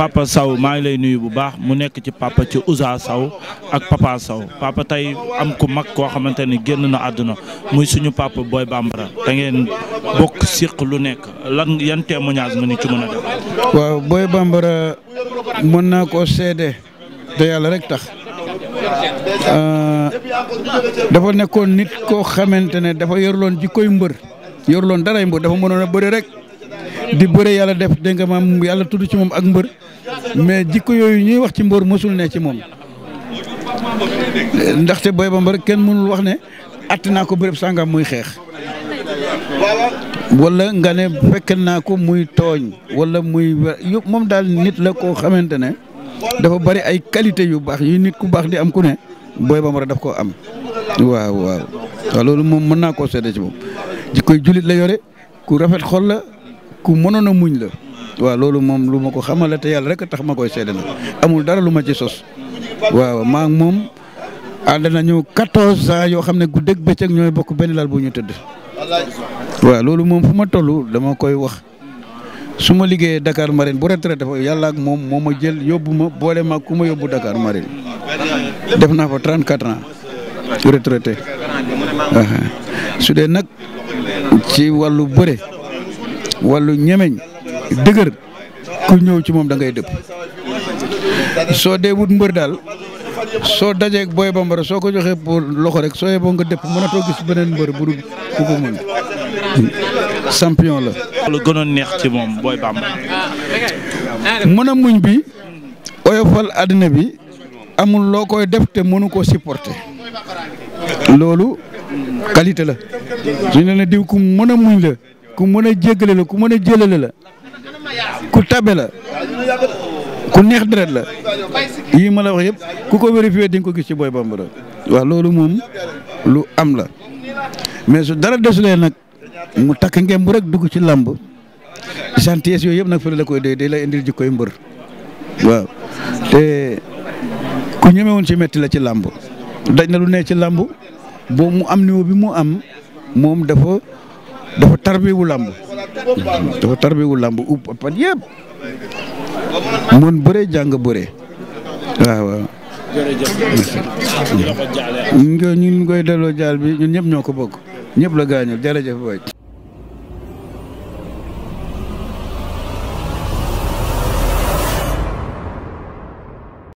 papa Sow maa ngi lay nuyu bu baax mu nekk ci papa ci usa saw ak papa saw papa tey am ku mag koo xamante ni génn na àdduna muy suñu papa Boy Bambara da ngeen bokk siq lu nekk lan yante témoignage nga ni ci mën a def. waaw Boy Bambara mën naa koo seede te yàlla rek tax euh, dafa nekkoon nit koo xamante ne dafa yorloon jikkoy mbër yorloon daray mbër dafa mënoon a rek. di bëre yàlla def dégg maam yàlla tudd ci moom ak mbër mais jikko yooyu ñuy wax ci mbër mësul ne ci moom ndaxte Boy Bambara kenn mënul wax ne att naa ko béréb sàngam muy xeex walla nga ne fekk naa ko muy tooñ walla muy yëpp moom daal nit la koo xamante ne dafa bari ay qualité yu baax yi nit ku baax di am ku ne booy Boy Bambara daf koo am waaw waaw waaw loolu moom mën naa koo seede ci moom jikkoy jullit la yore ku rafet xol la ku mënoon a muñ la waaw loolu moom lu ma ko xamala te yàlla rek a tax ma koy seede na amul dara lu ma ci sos waaw maa moom ànd nañu quatorze ans yoo xam ne guddeeg bëccëg ñooy bokk benn lal bu ñu tëdd waa loolu moom fu ma toll dama koy wax su ma liggéeyee Dakar Marine bu retraité fa yàlla ak moom moo ma jël yóbbu ma boole ma ku ma yóbbu Dakar Marine def naa fa 34 ans retraité su dee nag ci wallu bëre wàllu ñemeñ dëgër ku ñëw ci moom da ngay dëpp soo dee wut mbër daal soo dajeeg booy bambara soo ko joxee pour loxo rek soo yeboo nga dëpp mënatoo gis beneen mbër bu dul ku ko mën champion la. lu neex ci moom booy bambara. mën a muñ bi oyofal àddina bi amul loo koy def te mënu koo supporter loolu qualité la. su ñu la ne diw ku mën a muñ la ku mën a jéggale la ku mën a jëlale la. ku tabe la ku neex deret la yii ma la wax yëpp ku ko vérifié di nga ko gis ci Boy Bambara waa loolu moom lu am la mais su dara desulee nag mu takk ngemb rek dugg ci làmb gentillesse yooyu yëpp nag fële la koy dee day lay indil koy mbër waaw te ku ñemewoon ci metti la ci làmb daj na lu ne ci làmb boo mu am niveau bi mu am moom dafa dafa tarbiwu làmb dafa tarbiwu làmb upp pat yëpp mën bëre jàng bëre waaw waaw. jërëjëf ñu ngi koy delloo jaal bi ñun ñëpp ñoo ko bokk ñëpp la gaañal jërëjëf waay